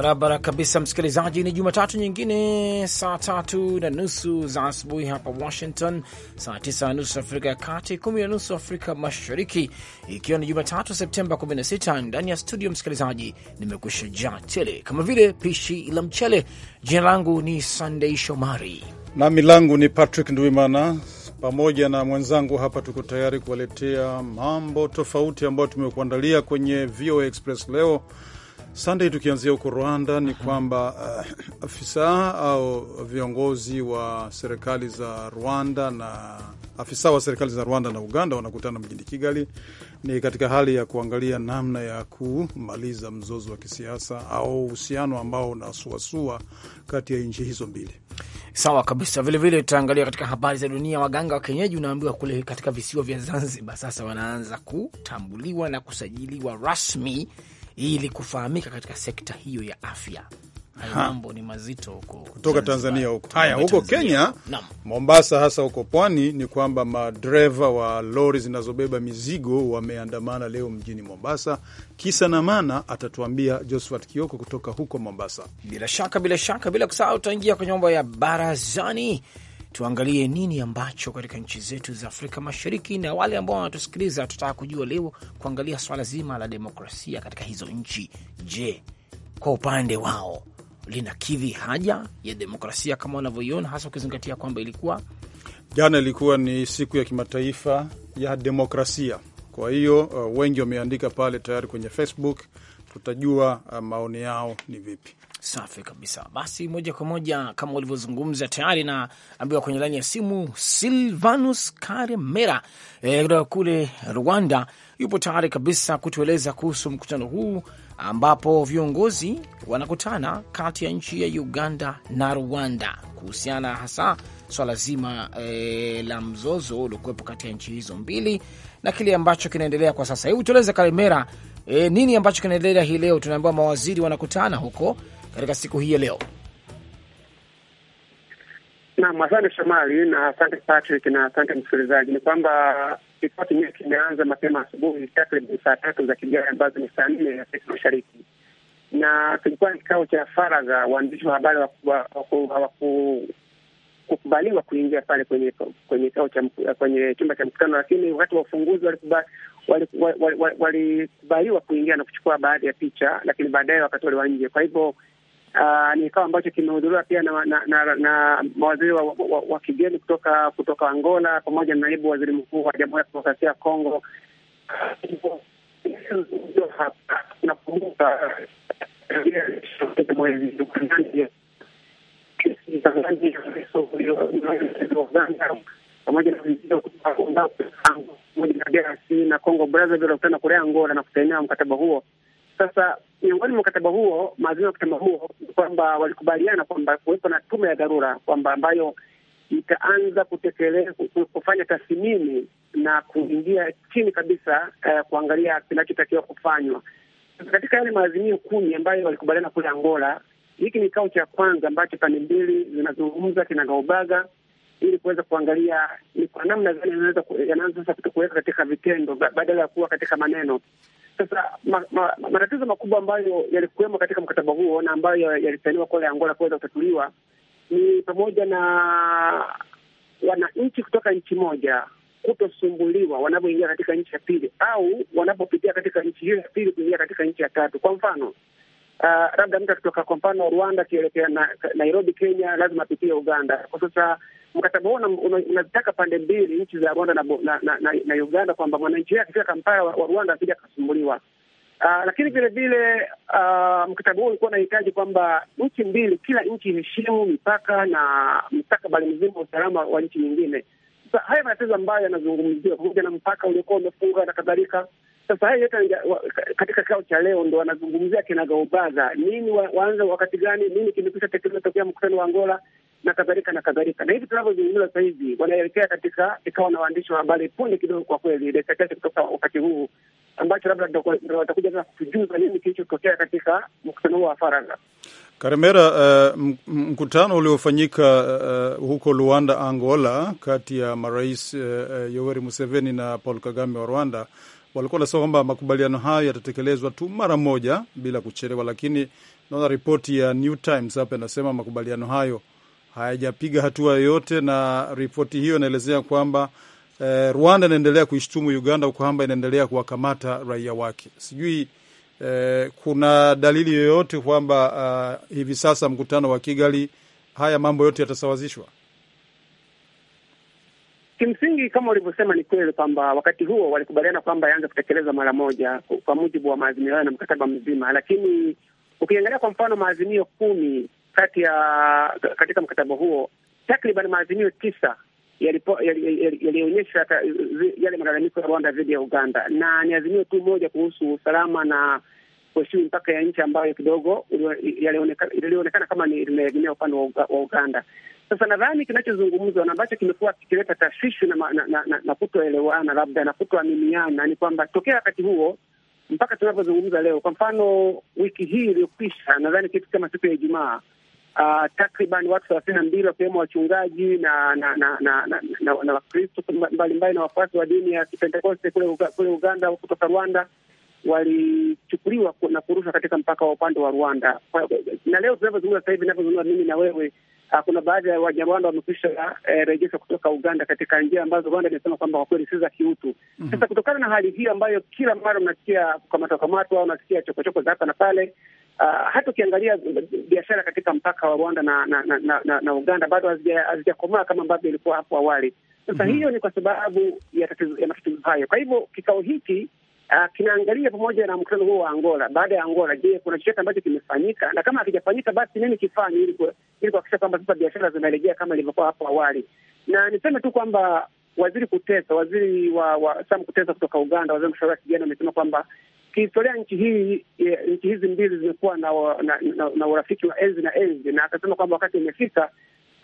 Barabara kabisa, msikilizaji. Ni Jumatatu nyingine, saa tatu na nusu za asubuhi hapa Washington, saa tisa na nusu Afrika ya Kati, kumi na nusu Afrika Mashariki, ikiwa ni Jumatatu Septemba 16. Ndani ya studio, msikilizaji, nimekusha jaa tele kama vile pishi la mchele. Jina langu ni Sandei Shomari nami langu ni Patrick Ndwimana pamoja na mwenzangu hapa, tuko tayari kuwaletea mambo tofauti ambayo tumekuandalia kwenye VOA Express leo Sunday, tukianzia huko Rwanda ni kwamba uh, afisa au viongozi wa serikali za Rwanda na afisa wa serikali za Rwanda na Uganda wanakutana mjini Kigali. Ni katika hali ya kuangalia namna ya kumaliza mzozo wa kisiasa au uhusiano ambao unasuasua kati ya nchi hizo mbili. Sawa kabisa. Vilevile tutaangalia katika habari za dunia, waganga wa kienyeji unaambiwa kule katika visiwa vya Zanzibar sasa wanaanza kutambuliwa na kusajiliwa rasmi ili kufahamika katika sekta hiyo ya afya. Mambo ni mazito huko kutoka Tanzania huko. Haya, huko Kenya Nam. Mombasa, hasa huko pwani, ni kwamba madereva wa lori zinazobeba mizigo wameandamana leo mjini Mombasa. Kisa na maana atatuambia Josephat Kioko kutoka huko Mombasa. Bila shaka, bila shaka, bila kusahau tutaingia kwenye mambo ya barazani tuangalie nini ambacho katika nchi zetu za Afrika Mashariki, na wale ambao wanatusikiliza, tutaka kujua leo, kuangalia swala zima la demokrasia katika hizo nchi. Je, kwa upande wao linakidhi haja ya demokrasia kama wanavyoiona, hasa ukizingatia kwamba ilikuwa jana ilikuwa ni siku ya kimataifa ya demokrasia. Kwa hiyo uh, wengi wameandika pale tayari kwenye Facebook, tutajua uh, maoni yao ni vipi. Safi kabisa. Basi moja kwa moja kama ulivyozungumza tayari, na ambiwa kwenye laini ya simu Silvanus Karemera eh, kutoka e, kule Rwanda yupo tayari kabisa kutueleza kuhusu mkutano huu ambapo viongozi wanakutana kati ya nchi ya Uganda na Rwanda kuhusiana hasa swala so zima e, la mzozo uliokuwepo kati ya nchi hizo mbili na kile ambacho kinaendelea kwa sasa. Hebu tueleze Karemera, e, nini ambacho kinaendelea hii leo? Tunaambiwa mawaziri wanakutana huko katika siku hii ya leo? Naam, asante Shomali na asante Patrick na asante msikilizaji. Ni kwamba kikao chenyewe kimeanza mapema asubuhi takriban saa tatu za Kigali ambazo ni saa nne ya Afrika Mashariki, na kilikuwa ni kikao cha faragha. Waandishi wa habari hawakukubaliwa kuingia pale kwenye kwenye kikao cha kwenye chumba cha mkutano, lakini wakati wa ufunguzi walikubaliwa kuingia na kuchukua baadhi ya picha, lakini baadaye wakatolewa nje. Kwa hivyo Uh, ni kikao ambacho kimehudhuriwa pia na, na, na, na mawaziri wa, wa, wa kigeni kutoka kutoka Angola pamoja na naibu waziri mkuu wa Jamhuri ya Kidemokrasia ya Kongo. pamoja na DRC na Kongo Brazzaville, na Korea Angola na kusainiwa mkataba huo sasa miongoni mwa mkataba huo, maazimio ya mkataba huo kwamba walikubaliana kwamba kuwepo na tume ya dharura kwamba ambayo itaanza kutekeleza kufanya tathmini na kuingia chini kabisa eh, kuangalia kinachotakiwa kufanywa katika yale maazimio kumi ambayo walikubaliana kule Angola. Hiki ni kikao cha kwanza ambacho pande mbili zinazungumza kinagaubaga ili kuweza kuangalia ni kwa namna gani yanaanza sasa kuweka katika vitendo badala ya kuwa katika maneno. Sasa matatizo makubwa ambayo yalikuwemo katika mkataba huo na ambayo yalisainiwa kule Angola kuweza kutatuliwa ni pamoja na wananchi kutoka nchi moja kutosumbuliwa wanapoingia katika nchi ya pili au wanapopitia katika nchi hiyo ya pili kuingia katika nchi ya tatu. Kwa mfano uh, labda mtu akitoka kwa mfano Rwanda akielekea Nairobi, Kenya, lazima apitie Uganda. Kwa sasa Mkataba huo unazitaka pande mbili, nchi za Rwanda na, na, na, na na Uganda, kwamba mwananchi akifika Kampala wa, wa Rwanda asije akasumbuliwa. Uh, lakini vile vile uh, mkataba huo ulikuwa unahitaji kwamba nchi mbili, kila nchi iheshimu mipaka na mstakabali mzima wa usalama wa nchi nyingine. Sasa haya matatizo ambayo yanazungumziwa pamoja na mpaka uliokuwa umefunga na kadhalika. Sasa haya yote katika kikao cha leo ndo wanazungumzia kinagaubaga nini, waanze wakati gani, nini kimekwisha tekelezo tokea mkutano wa Angola na kadhalika na kadhalika. Na hivi tunavyozungumza sasa hivi wanaelekea katika ikawa na waandishi wa habari punde kidogo, kwa kweli, dakika chache kutoka wakati huu ambacho labda ndo watakuja sasa kutujuza nini kilichotokea katika mkutano huo wa faragha. Karemera, uh, mkutano uliofanyika uh, huko Luanda, Angola, kati ya marais uh, uh, Yoweri Museveni na Paul Kagame wa Rwanda walikuwa wanasema kwamba makubaliano hayo yatatekelezwa tu mara moja bila kuchelewa, lakini naona ripoti ya New Times hapa inasema makubaliano hayo hayajapiga hatua yoyote, na ripoti hiyo inaelezea kwamba eh, Rwanda inaendelea kuishtumu Uganda kwamba inaendelea kuwakamata raia wake. Sijui eh, kuna dalili yoyote kwamba uh, hivi sasa mkutano wa Kigali haya mambo yote yatasawazishwa? Kimsingi, kama ulivyosema, ni kweli kwamba wakati huo walikubaliana kwamba yaanze kutekelezwa mara moja kwa mujibu wa maazimio hayo na mkataba mzima, lakini ukiangalia kwa mfano maazimio kumi kati ya katika mkataba huo takriban maazimio tisa yalionyesha yale malalamiko ya Rwanda dhidi ya Uganda, na ni azimio tu moja kuhusu usalama na kuheshimu mpaka ya nchi ambayo kidogo ilionekana kama limeegemea upande wa Uganda. Sasa nadhani kinachozungumzwa na ambacho kimekuwa kikileta tashwishi na, na, na, na kutoelewana labda na kutoaminiana ni kwamba tokea wakati huo mpaka tunavyozungumza leo, kwa mfano wiki hii iliyopisha, nadhani kitu kama siku ya Ijumaa uh, takriban watu thelathini na mbili wakiwemo wachungaji na na na na na Wakristo mbalimbali na wafuasi wa dini ya Kipentekoste kule kule Uganda kutoka Rwanda walichukuliwa na kurushwa katika mpaka wa upande wa Rwanda. Na leo tunavyozungumza sasa hivi, ninavyozungumza mimi na wewe, uh, kuna baadhi ya Wanyarwanda wamekwisha eh, rejeshwa kutoka Uganda katika njia ambazo Rwanda imesema kwamba kwa kweli si za kiutu. mm -hmm. Sasa kutokana na hali hii ambayo kila mara unasikia kukamatwa kamatwa au chokochoko za hapa na pale, Uh, hata ukiangalia biashara katika mpaka wa Rwanda na na, na, na, na Uganda bado hazijakomaa kama ambavyo ilikuwa hapo awali. Sasa mm -hmm. hiyo ni kwa sababu ya tatizo ya matatizo hayo. Kwa hivyo kikao hiki uh, kinaangalia pamoja na mkutano huo wa Angola. Baada ya Angola, je, kuna chochote ambacho kimefanyika? Na kama hakijafanyika, basi nini kifanye ili ili kuhakikisha kwamba sasa biashara zinarejea kama ilivyokuwa hapo awali. Na niseme tu kwamba Waziri Kutesa, waziri wa, wa Sam Kutesa kutoka Uganda, waziri wa kijana, amesema kwamba kihistoria nchi hii eh, nchi hizi mbili zimekuwa na, na, na, na urafiki wa enzi na enzi, na akasema kwamba wakati umefika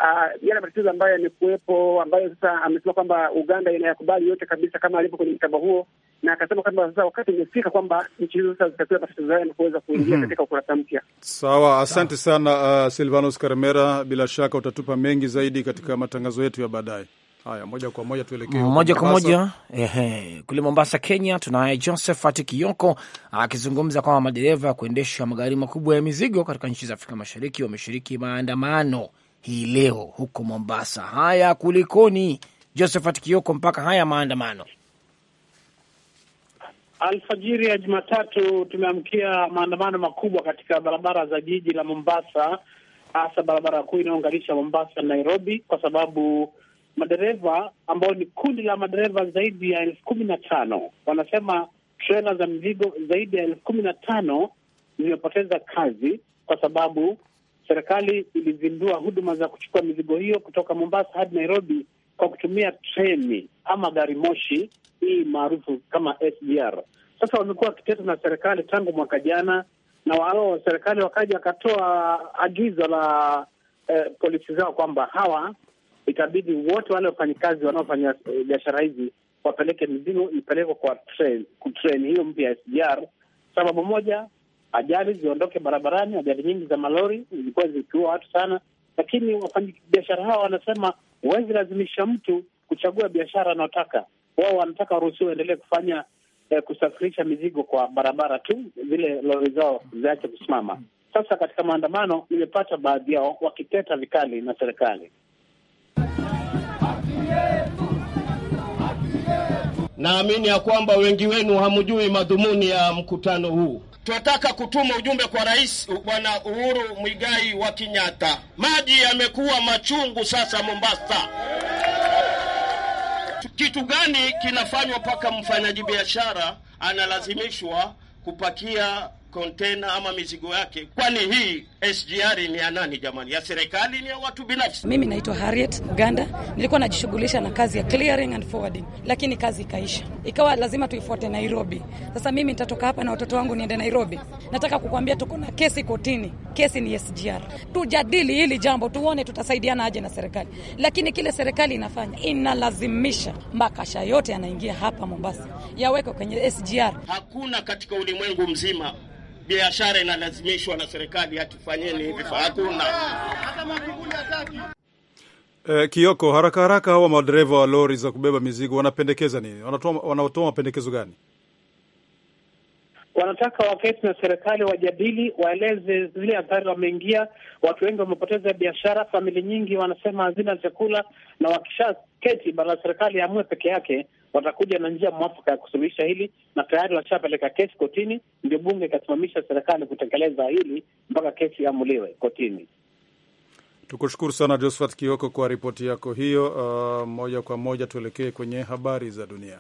Uh, yale matatizo ambayo yamekuwepo ambayo sasa amesema kwamba Uganda inayakubali yote kabisa kama alivyo kwenye mkataba huo, na akasema kwamba sasa wakati umefika kwamba nchi hizo sasa zitatua matatizo hayo na kuweza kuingia mm -hmm. katika ukurasa mpya. Sawa, asante sana uh, Silvanus Karmera, bila shaka utatupa mengi zaidi katika matangazo yetu ya baadaye. Haya, moja kwa moja tuelekee moja kwa moja ehe, kule Mombasa, Kenya. Tunaye Josephat Kioko akizungumza kwamba madereva ya kuendesha magari makubwa ya mizigo katika nchi za Afrika Mashariki wameshiriki maandamano hii leo huko Mombasa. Haya, kulikoni Josephat Kioko mpaka haya maandamano? Alfajiri ya Jumatatu tumeamkia maandamano makubwa katika barabara za jiji la Mombasa, hasa barabara kuu inayounganisha Mombasa na Nairobi kwa sababu madereva ambao ni kundi la madereva zaidi ya elfu kumi na tano wanasema trela za mizigo zaidi ya elfu kumi na tano zimepoteza kazi kwa sababu serikali ilizindua huduma za kuchukua mizigo hiyo kutoka Mombasa hadi Nairobi kwa kutumia treni ama gari moshi hii maarufu kama SGR. Sasa wamekuwa wakiteta na serikali tangu mwaka jana, na wao serikali wakaja wakatoa agizo la eh, polisi zao kwamba hawa ikabidi wote wale wafanyikazi wanaofanya eh, biashara hizi wapeleke mizigo ipelekwe kwa train, hiyo mpya ya SGR. Sababu moja, ajali ziondoke barabarani. Ajali nyingi za malori zilikuwa zikiua watu sana, lakini wafanyabiashara hawa wanasema huwezi lazimisha mtu kuchagua biashara anaotaka wao. Wanataka waruhusiwa waendelee kufanya eh, kusafirisha mizigo kwa barabara tu, zile lori zao ziache kusimama. Sasa katika maandamano, nimepata baadhi yao wakiteta vikali na serikali. Naamini ya kwamba wengi wenu hamjui madhumuni ya mkutano huu. Tunataka kutuma ujumbe kwa Rais Bwana Uhuru Mwigai wa Kenyatta. Maji yamekuwa machungu sasa Mombasa. Kitu gani kinafanywa mpaka mfanyaji biashara analazimishwa kupakia kontena ama mizigo yake, kwani hii SGR ni ya nani jamani? Ya serikali ni ya watu binafsi? Mimi naitwa Harriet Uganda, nilikuwa najishughulisha na kazi ya clearing and forwarding, lakini kazi ikaisha, ikawa lazima tuifuate Nairobi. Sasa mimi nitatoka hapa na watoto wangu niende Nairobi? Nataka kukuambia tuko na kesi kotini, kesi ni SGR. Tujadili hili jambo, tuone tutasaidiana aje na serikali, lakini kile serikali inafanya inalazimisha makasha yote yanaingia hapa Mombasa yawekwe kwenye SGR. Hakuna katika ulimwengu mzima biashara inalazimishwa na serikali, hatufanyeni hivi, hakuna eh. Kioko, haraka haraka, hawa madereva wa lori za kubeba mizigo wanapendekeza nini? Wanatoa mapendekezo gani? Wanataka waketi na serikali wajadili, waeleze zile athari wameingia. Watu wengi wamepoteza biashara, familia nyingi wanasema hazina chakula, na wakishaketi bara serikali amue peke yake, watakuja na njia mwafaka ya kusuluhisha hili, na tayari washapeleka kesi kotini, ndio bunge ikasimamisha serikali kutekeleza hili mpaka kesi iamuliwe kotini. Tukushukuru sana Josephat Kioko kwa ripoti yako hiyo. Uh, moja kwa moja tuelekee kwenye habari za dunia.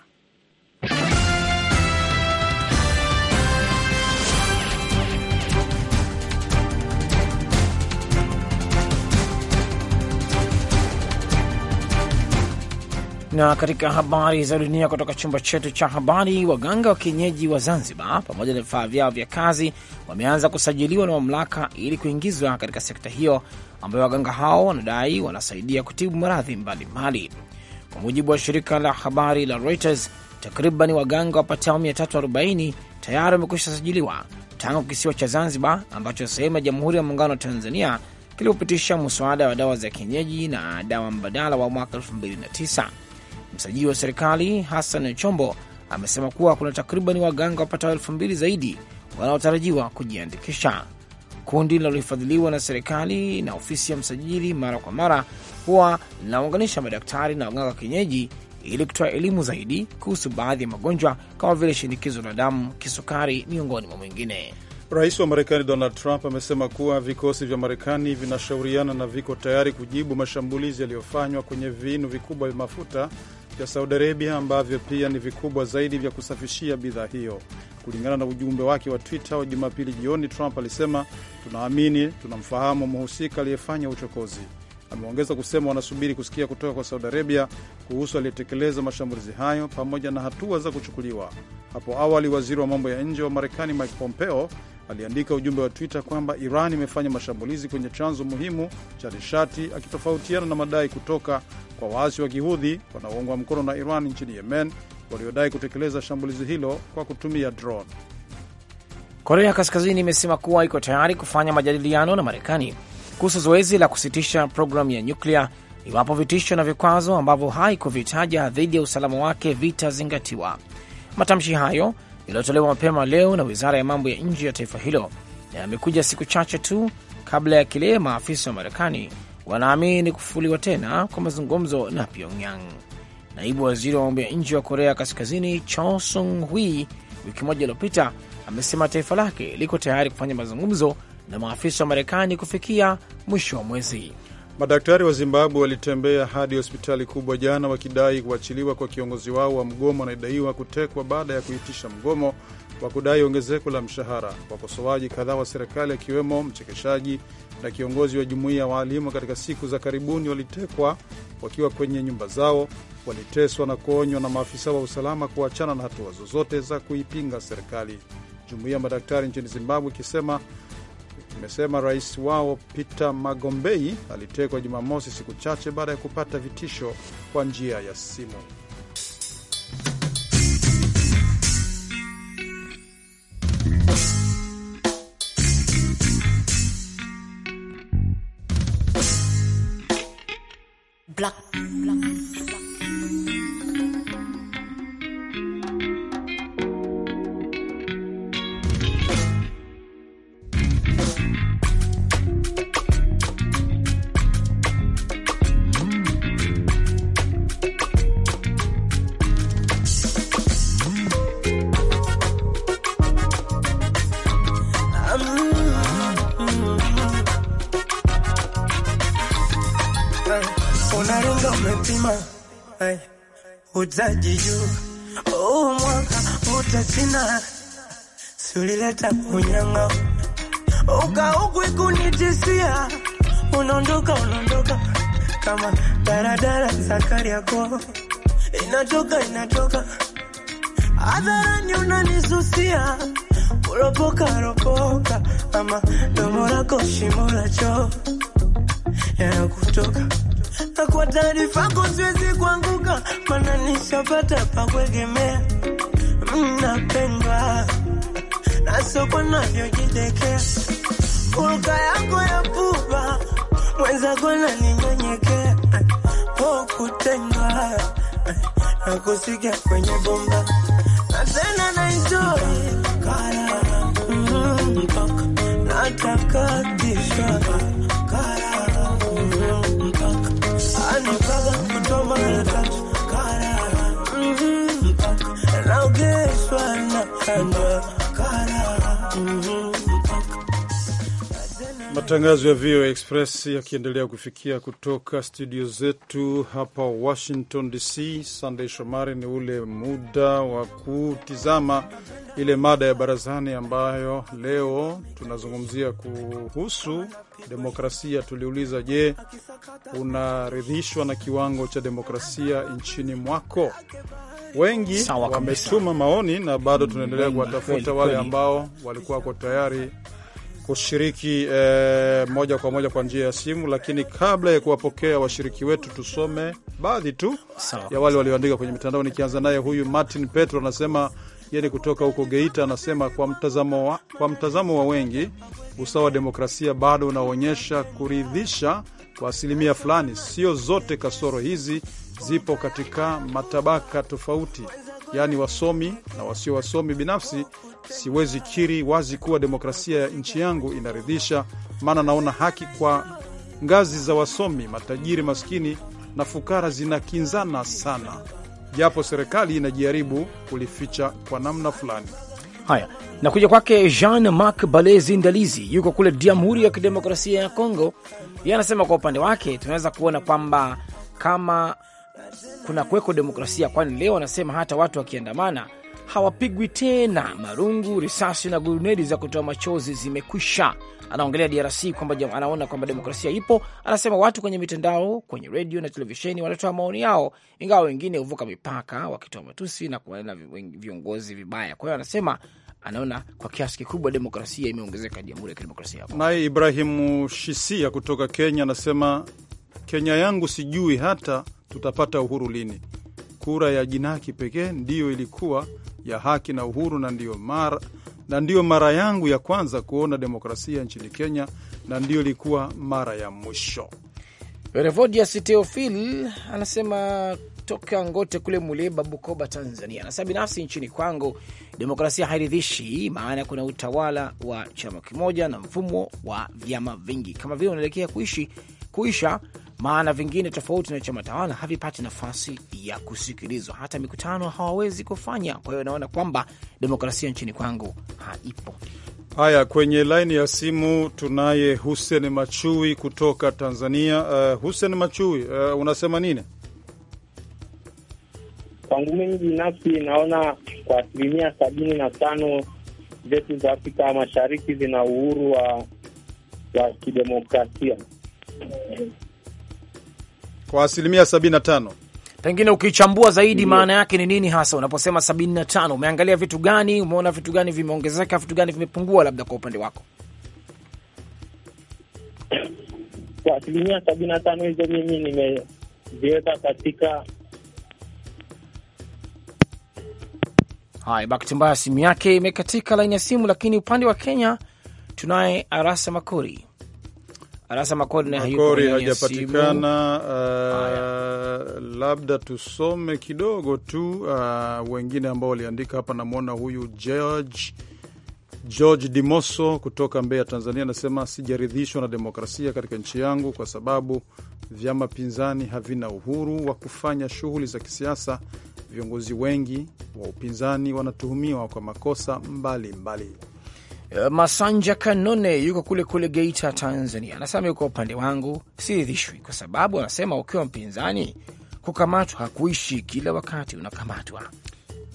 Na katika habari za dunia kutoka chumba chetu cha habari, waganga wa kienyeji wa Zanzibar pamoja na vifaa vyao vya kazi wameanza kusajiliwa na mamlaka ili kuingizwa katika sekta hiyo ambayo waganga hao wanadai wanasaidia kutibu maradhi mbalimbali. Kwa mujibu wa shirika la habari la Reuters, takriban waganga wapatao 340 tayari wamekwisha sajiliwa tangu kisiwa cha Zanzibar ambacho sehemu ya Jamhuri ya Muungano wa Tanzania kilipopitisha mswada wa dawa za kienyeji na dawa mbadala wa mwaka 2009. Msajili wa serikali Hassan Chombo amesema kuwa kuna takriban waganga wapatao elfu mbili zaidi wanaotarajiwa kujiandikisha. Kundi linalohifadhiliwa na serikali na ofisi ya msajili mara kwa mara huwa linaunganisha madaktari na waganga wa kienyeji ili kutoa elimu zaidi kuhusu baadhi ya magonjwa kama vile shinikizo la damu, kisukari, miongoni mwa mwingine. Rais wa Marekani Donald Trump amesema kuwa vikosi vya Marekani vinashauriana na viko tayari kujibu mashambulizi yaliyofanywa kwenye vinu vikubwa vya mafuta vya Saudi Arabia ambavyo pia ni vikubwa zaidi vya kusafishia bidhaa hiyo. Kulingana na ujumbe wake wa Twitter wa Jumapili jioni, Trump alisema tunaamini tunamfahamu mhusika aliyefanya uchokozi. Ameongeza kusema wanasubiri kusikia kutoka kwa Saudi Arabia kuhusu aliyetekeleza mashambulizi hayo pamoja na hatua za kuchukuliwa. Hapo awali, waziri wa mambo ya nje wa Marekani Mike Pompeo aliandika ujumbe wa Twitter kwamba Iran imefanya mashambulizi kwenye chanzo muhimu cha nishati, akitofautiana na madai kutoka kwa waasi wa kihudhi wanaoungwa mkono na Iran nchini Yemen waliodai kutekeleza shambulizi hilo kwa kutumia drone. Korea Kaskazini imesema kuwa iko tayari kufanya majadiliano na Marekani kuhusu zoezi la kusitisha programu ya nyuklia iwapo vitisho na vikwazo ambavyo haikuvitaja dhidi ya usalama wake vitazingatiwa. Matamshi hayo iliyotolewa mapema leo na wizara ya mambo ya nje ya taifa hilo na yamekuja siku chache tu kabla ya kile maafisa wa Marekani wanaamini kufufuliwa tena kwa mazungumzo na Pyongyang. Naibu waziri wa mambo ya nje wa Korea Kaskazini Cho Sung Hui wiki moja iliyopita amesema taifa lake liko tayari kufanya mazungumzo na maafisa wa Marekani kufikia mwisho wa mwezi. Madaktari wa Zimbabwe walitembea hadi hospitali kubwa jana wakidai kuachiliwa kwa kiongozi wao wa mgomo anayedaiwa kutekwa baada ya kuitisha mgomo wa kudai ongezeko la mshahara. Wakosoaji kadhaa wa serikali akiwemo mchekeshaji na kiongozi wa jumuiya ya waalimu katika siku za karibuni walitekwa wakiwa kwenye nyumba zao, waliteswa na kuonywa na maafisa wa usalama kuachana na hatua zozote za kuipinga serikali. Jumuiya ya madaktari nchini Zimbabwe ikisema imesema rais wao Peter Magombei alitekwa Jumamosi, siku chache baada ya kupata vitisho kwa njia ya simu. Black, black. utaji juu oh, mwaka utasina sulileta kunyanga ukaukuikunitisia unaondoka unaondoka kama daradara zakari yako inatoka inatoka hadharani unanisusia kuropoka ropoka ama domo lako shimo la choo yanakutoka hata kwa taarifa yako siwezi kuanguka, maana nishapata pa kuegemea. Mnapendwa mm, na soko navyojitekea, kuka yako ya puba mwenzako naninyenyekea, po kutendwa na kusikia kwenye bomba na tena naenjoy, mm, nataka dishwa Matangazo ya VOA Express yakiendelea kufikia kutoka studio zetu hapa Washington DC. Sandey Shomari, ni ule muda wa kutizama ile mada ya barazani ambayo leo tunazungumzia kuhusu demokrasia. Tuliuliza, je, unaridhishwa na kiwango cha demokrasia nchini mwako? Wengi wametuma maoni na bado tunaendelea kuwatafuta wale ambao walikuwa wako tayari kushiriki eh, moja kwa moja kwa njia ya simu, lakini kabla ya kuwapokea washiriki wetu tusome baadhi tu Sawa. ya wale walioandika kwenye mitandao, nikianza naye huyu Martin Petro anasema yeye ni kutoka huko Geita, anasema kwa mtazamo wa, kwa mtazamo wa wengi usawa wa demokrasia bado unaonyesha kuridhisha kwa asilimia fulani, sio zote. Kasoro hizi zipo katika matabaka tofauti, yaani wasomi na wasio wasomi. Binafsi siwezi kiri wazi kuwa demokrasia ya nchi yangu inaridhisha, maana naona haki kwa ngazi za wasomi, matajiri, maskini na fukara zinakinzana sana, japo serikali inajaribu kulificha kwa namna fulani. Haya, na kuja kwake Jean Marc Balezi Ndalizi, yuko kule Jamhuri ya Kidemokrasia ya Kongo. Yeye anasema kwa upande wake, tunaweza kuona kwamba kama kuna kuweko demokrasia, kwani leo anasema hata watu wakiandamana hawapigwi tena. Marungu, risasi na gurunedi za kutoa machozi zimekwisha. Anaongelea DRC kwamba anaona kwamba demokrasia ipo. Anasema watu kwenye mitandao, kwenye redio na televisheni wanatoa maoni yao, ingawa wengine huvuka mipaka wakitoa matusi na kuwanena viongozi vibaya. Kwa hiyo anasema anaona kwa kiasi kikubwa demokrasia imeongezeka Jamhuri ya Kidemokrasia Naye Ibrahimu Shisia kutoka Kenya anasema Kenya yangu sijui hata tutapata uhuru lini kura ya jinaki pekee ndiyo ilikuwa ya haki na uhuru, na ndiyo mara, na ndiyo mara yangu ya kwanza kuona demokrasia nchini Kenya, na ndiyo ilikuwa mara ya mwisho. Revodias Teofil anasema toka Ngote kule Muleba, Bukoba, Tanzania, anasema binafsi nchini kwangu demokrasia hairidhishi, maana kuna utawala wa chama kimoja na mfumo wa vyama vingi kama vile unaelekea kuishi kuisha maana vingine tofauti na chama tawala havipati nafasi ya kusikilizwa, hata mikutano hawawezi kufanya. Kwa hiyo naona kwamba demokrasia nchini kwangu haipo. Haya, kwenye laini ya simu tunaye Hussein Machui kutoka Tanzania. Uh, Hussein Machui, uh, unasema nini? Kwangu mimi binafsi naona kwa asilimia sabini na tano zetu za Afrika Mashariki zina uhuru wa, wa kidemokrasia kwa asilimia 75. Pengine ukichambua zaidi mm. maana yake ni nini hasa unaposema 75? Umeangalia vitu gani? Umeona vitu gani vimeongezeka, vitu gani vimepungua, labda kwa upande wako? Kwa asilimia 75 hizo mimi nimeziweka katika Haya, bahati mbaya simu yake imekatika, laini ya simu. Lakini upande wa Kenya tunaye Arasa Makuri anasema Makori hajapatikana. Uh, labda tusome kidogo tu uh, wengine ambao waliandika hapa. Namwona huyu George George Dimoso kutoka Mbeya, Tanzania, anasema sijaridhishwa na demokrasia katika nchi yangu kwa sababu vyama pinzani havina uhuru wa kufanya shughuli za kisiasa. Viongozi wengi wa upinzani wanatuhumiwa kwa makosa mbalimbali mbali. Eh, Masanja Kanone yuko kule kule Geita, Tanzania, anasema yuko upande wangu, siridhishwi kwa sababu anasema ukiwa mpinzani kukamatwa hakuishi, kila wakati unakamatwa.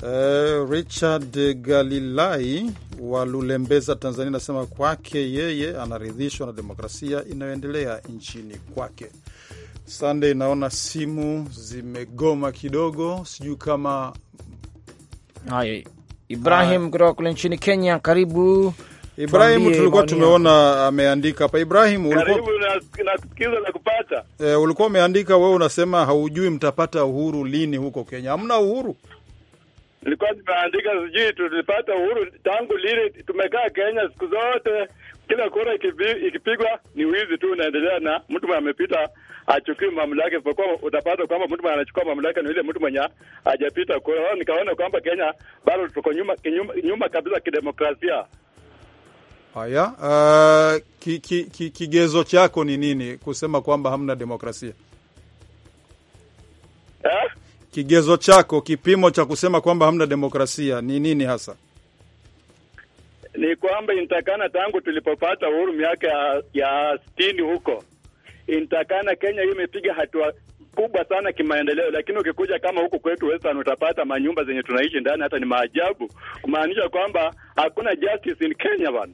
Uh, Richard Galilai wa Lulembeza, Tanzania, anasema kwake yeye anaridhishwa na demokrasia inayoendelea nchini kwake. Sunday, naona simu zimegoma kidogo, sijui kama Ibrahim kutoka kule nchini Kenya, karibu Ibrahim. Tulikuwa tumeona ameandika hapa Ibrahim, eh, ulikuwa umeandika wewe, unasema haujui mtapata uhuru lini huko Kenya, hamna uhuru. Nilikuwa nimeandika sijui tulipata uhuru tangu lini. Tumekaa Kenya siku zote, kila kura ikipigwa ni wizi tu unaendelea, na mtu amepita achukui mamlaka, kwa utapata kwamba mtu mwenye anachukua mamlaka ni yule mtu mwenye hajapita. kura. hiyo nikaona kwamba Kenya bado tuko nyuma, nyuma, nyuma kabisa kidemokrasia. Haya, uh, eh, kigezo ki, ki, kigezo chako ni nini kusema kwamba hamna demokrasia eh? Kigezo chako, kipimo cha kusema kwamba hamna demokrasia ni nini hasa? Ni kwamba inatakana tangu tulipopata uhuru miaka ya sitini huko intakana Kenya hii imepiga hatua kubwa sana kimaendeleo, lakini ukikuja kama huku kwetu Western utapata manyumba zenye tunaishi ndani hata ni maajabu, kumaanisha kwamba hakuna justice in Kenya bana.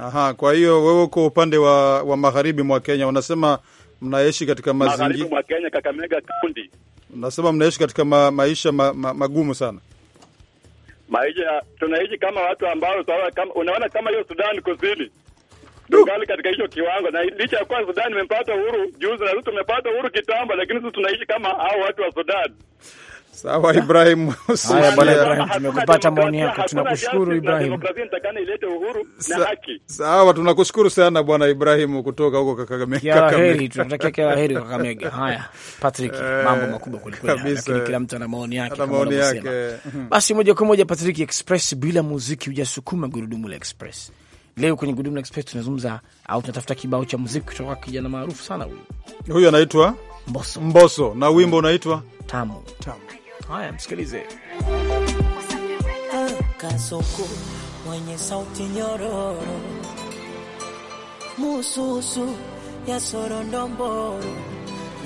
Aha, kwa hiyo wewe uko upande wa, wa magharibi mwa Kenya, unasema mnaishi katika mazingira magharibi mwa Kenya, Kakamega County, unasema mnaishi katika ma, maisha ma, ma, magumu sana maisha tunaishi kama watu ambao sawa, kama unaona kama hiyo Sudan Kusini tungali katika hicho kiwango, na licha ya kuwa Sudan imepata uhuru juzi na tumepata uhuru kitambo, lakini sisi tunaishi kama hao watu wa Sudan. Sawa Ibrahim. Haya bwana Ibrahim, tumekupata maoni yako, tunakushukuru Ibrahim. Sawa, tunakushukuru sana bwana Ibrahim kutoka huko Kakamega. Tunatakia kila heri Kakamega. Haya Patrick, eh, mambo makubwa kwelikweli, lakini kila mtu ana maoni yake. Basi moja kwa moja Patrick, Express bila muziki hujasukuma gurudumu la Express. Leo kwenye Gudumu Express tunazungumza au tunatafuta kibao cha muziki kutoka kijana maarufu sana huyu huyu anaitwa mboso mboso na wimbo unaitwa tamu tamu. Haya, msikilize Kasoko mwenye sauti nyororo, mususu ya sorondomboro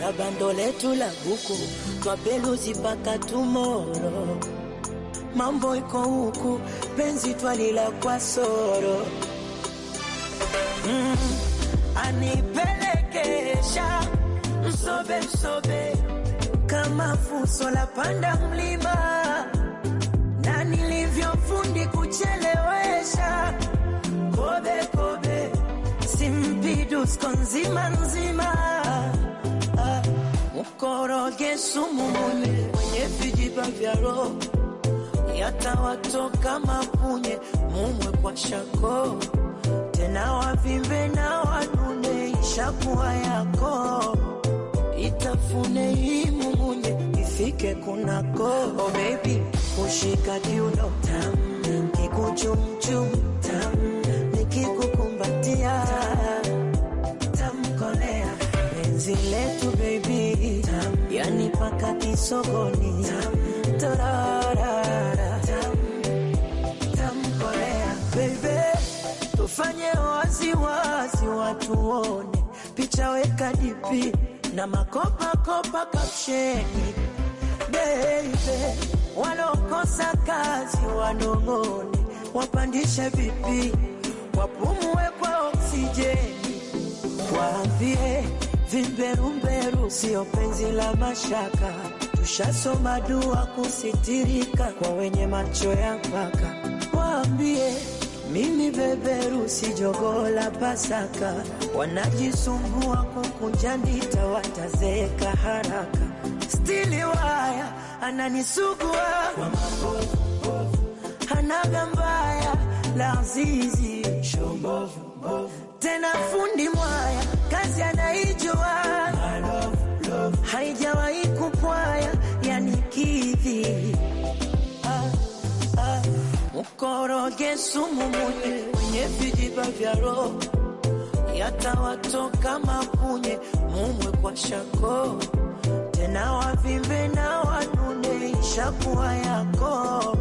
na bando letu la buku twa peluzi mpaka tumoro, mambo iko huku penzi twalila kwa soro Mm-hmm. anipelekesha msobe msobe kama fuso la panda mlima na nilivyofundi kuchelewesha kobe kobe simpidusko nzima nzima ah, sumu mune mwenye vijiba vya roho yatawatoka mapunye mumwe kwa shako itakuwa yako, itafune hii mumunye ifike kunako. Oh baby, ushika kiuno tam, nikikukumbatia kolea penzi letu baby, yani paka kisogoni tam, tamkolea baby, tufanye waziwazi watuone chaweka dipi na makopa kopa kapsheni beibe, walokosa kazi wanongoni wapandishe vipi, wapumue kwa oksijeni, waambie vimberumberu sio penzi la mashaka, tushasoma dua kusitirika kwa wenye macho ya mpaka, waambie mimi beberusi jogoo jogola Pasaka, wanajisumbua kukunja ndita, watazeka haraka. Stili waya ananisugua kwa mabovu, hanaga mbaya la zizi shombovu, tena fundi mwaya kazi anaijua, haijawahi kupwaya yanikidhi Mkoroge sumu munye kwenye vijiba vya roho, yatawatoka mapunye mumwe kwa shako, tena wavimbe na wanune, ishakuwa yako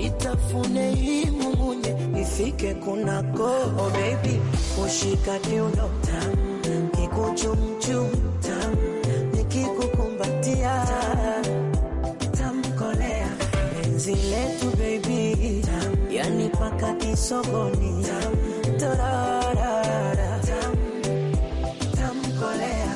itafune hii mumunye ifike kunako. Oh baby, ushikatiuno tam kikuchumchum penzi letu baby, yani paka kisogoni tararara tamkolea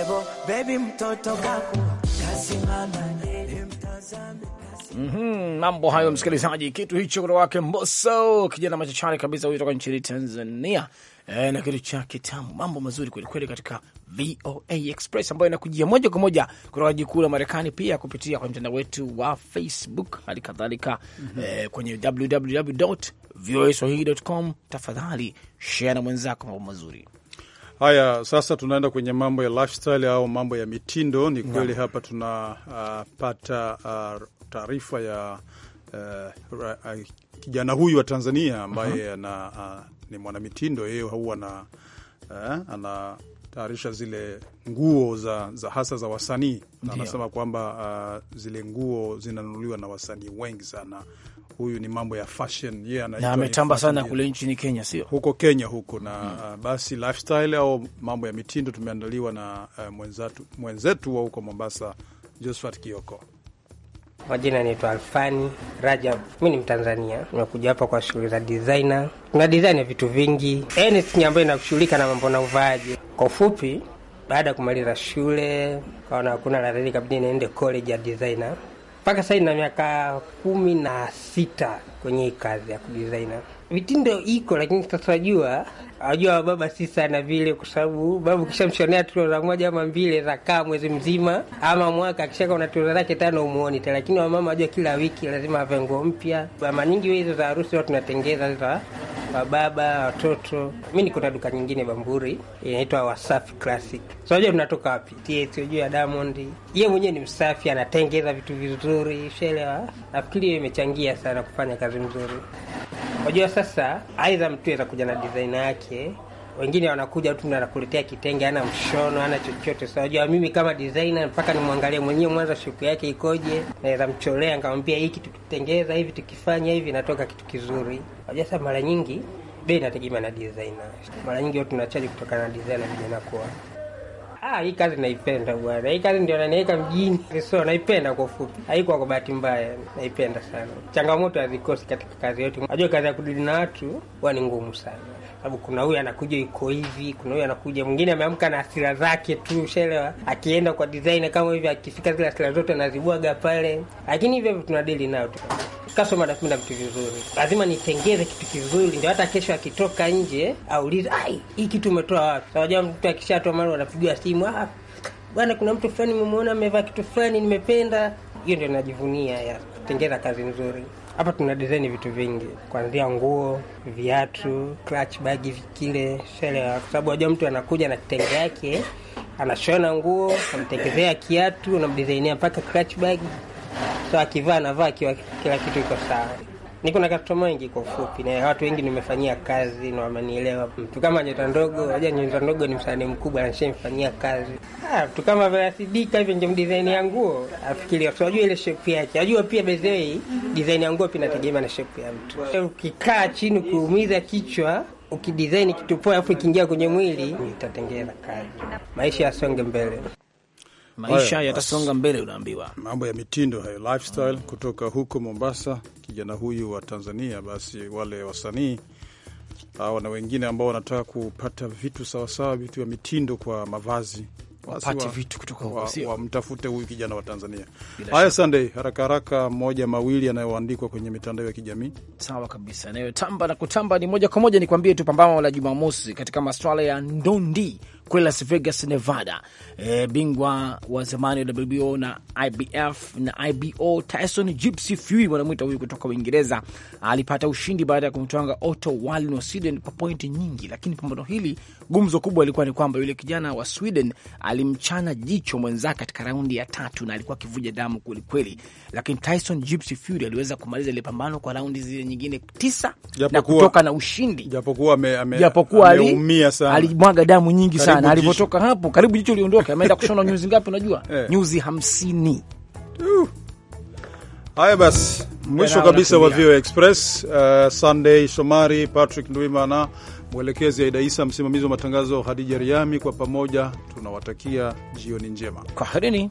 Ebo baby mtoto kaku kasimama nimtazame Mm -hmm, mambo hayo msikilizaji, kitu hicho kutoka wake mboso kijana machachari kabisa huyu kutoka nchini Tanzania e, na kitu cha kitamu, mambo mazuri kwelikweli katika VOA Express ambayo inakujia moja kwa moja kutoka jiji kuu la Marekani, pia kupitia kwa mtandao wetu wa Facebook hali kadhalika mm -hmm. e, kwenye www.voaswahili.com. Tafadhali share na mwenzako mambo mazuri Haya, sasa tunaenda kwenye mambo ya lifestyle au mambo ya mitindo. Ni kweli hapa tunapata ah, uh, ah, taarifa ya uh, uh, kijana huyu wa Tanzania ambaye uh -huh. uh, ni mwanamitindo yeye huwa na uh, ana eh, zile nguo za, za hasa za wasanii na anasema kwamba uh, zile nguo zinanunuliwa na wasanii wengi sana. Huyu ni mambo ya fashion yeah, na ametamba sana kule nchini Kenya, sio huko Kenya huko na hmm. uh, basi lifestyle au mambo ya mitindo tumeandaliwa na uh, mwenzetu, mwenzetu wa huko Mombasa Josephat Kioko. Kwa jina naitwa Alfani Rajab, mi ni Mtanzania, nimekuja hapa kwa shughuli za designer. Tuna design vitu vingi, ni yaani ambayo inashughulika na mambo na uvaaji. Kwa ufupi, baada ya kumaliza shule kaona hakuna la zaidi, kabidi niende college ya designer. Mpaka sahii na miaka kumi na sita kwenye hii kazi ya kudesigner mitindo iko, lakini sasa wajua baba si sana vile, kwa sababu babu kishamshonea za moja ama mbili kaa mwezi mzima ama mwaka, akishaka na troza zake tano umuoni tena. Lakini wamama ajua kila wiki lazima ave nguo mpya, mara nyingi hizo za harusi huwa tunatengeza za wababa, watoto. Mi niko na duka nyingine Bamburi inaitwa Wasafi Classic. So tunatoka wapi? TH ya Diamond, Ye mwenyewe ni msafi, anatengeza vitu vizuri, shelewa. Nafikiri hiyo imechangia sana kufanya kazi mzuri. wajua sasa, aidha mtu aweza kuja na design yake wengine wanakuja tu nakuletea kitenge, ana mshono ana chochote. Sasa unajua mimi kama designer mpaka nimwangalie mwenyewe mwanzo shuku yake ikoje, naweza mcholea nikamwambia hiki tukitengeza hivi, tukifanya hivi natoka kitu kizuri. Unajua sasa mara nyingi bei inategemea na designer, mara nyingi watu tunachaji kutokana na designer vijana kwa Ah, hii kazi naipenda bwana. Hii kazi ndio naniweka mjini. So naipenda kwa ufupi. Haikuwa kwa bahati mbaya. Naipenda sana. Changamoto hazikosi katika kazi yote. Unajua kazi ya kudili na watu huwa ni ngumu sana sababu kuna huyu anakuja yuko hivi, kuna huyu anakuja mwingine ameamka na asira zake tu, shaelewa. Akienda kwa designer kama hivi, akifika zile asira zote anazibwaga pale, lakini hivyo hivyo tunadili nao tu. Customer anapenda vitu vizuri, lazima nitengeze kitu kizuri, ndio hata kesho akitoka nje aulize, ai, hii kitu umetoa wapi? Sawaja mtu akishatoa mara anapigiwa simu, ah, bwana, kuna mtu fulani nimemwona amevaa kitu fulani, nimependa. Hiyo ndio najivunia ya kutengeza kazi nzuri. Hapa tuna design vitu vingi, kuanzia nguo, viatu, clutch bag, vikile shelewa, kwa sababu wajua mtu anakuja na kitenge yake, anashona nguo, anamtengezea kiatu, anamdesignia mpaka clutch bag, so akivaa anavaa, akiwa kila kitu iko sawa niko na customer wengi kwa ufupi, na watu wengi nimefanyia kazi na wamenielewa. Mtu kama Nyota Ndogo, unajua Nyota Ndogo ni msanii mkubwa na nishamfanyia kazi. Ah, mtu kama vile Verasidika hivi ndio design ya nguo, afikiria so unajua ile shape yake. Ajua pia bezei design ya nguo pia inategemea na shape ya mtu. Ukikaa chini kuumiza kichwa ukidesign kitu poa, afu ikiingia kwenye mwili itatengeza kazi, maisha yasonge mbele maisha yatasonga mbele, unaambiwa mambo ya mitindo hayo, lifestyle mm. Kutoka huko Mombasa, kijana huyu wa Tanzania, basi wale wasanii awa na wengine ambao wanataka kupata vitu sawasawa, vitu vya mitindo kwa mavazi wamtafute wa, wa huyu kijana wa Tanzania. Haya, Sunday, haraka haraka, moja mawili yanayoandikwa kwenye mitandao ya kijamii. Sawa kabisa, anayotamba na kutamba ni moja kwa moja. Nikwambie tu pambano la Jumamosi katika masuala ya ndondi kule Las Vegas, Nevada. E, bingwa wa zamani wa WBO na IBF na IBO Tyson Gypsy Fury wanamwita huyu kutoka Uingereza alipata ushindi baada ya kumtwanga Otto Wallin wa Sweden kwa pointi nyingi, lakini pambano hili gumzo kubwa ilikuwa ni kwamba yule kijana wa Sweden alimchana jicho mwenzake katika raundi ya tatu na alikuwa akivuja damu kwelikweli, lakini Tyson Gypsy Fury aliweza kumaliza ile pambano kwa raundi zile nyingine tisa japo na kutoka na ushindi japokuwa ameumia sana, alimwaga damu nyingi sana sana alipotoka hapo, karibu jicho liondoke, ameenda kushona nyuzi ngapi? Unajua eh, nyuzi hamsini. Uh. Haya basi, mwisho kabisa wa VOA Express. Uh, Sunday Shomari, Patrick Ndwimana, mwelekezi Aida Isa, msimamizi wa matangazo Hadija Riami, kwa pamoja tunawatakia jioni njema, kwaherini.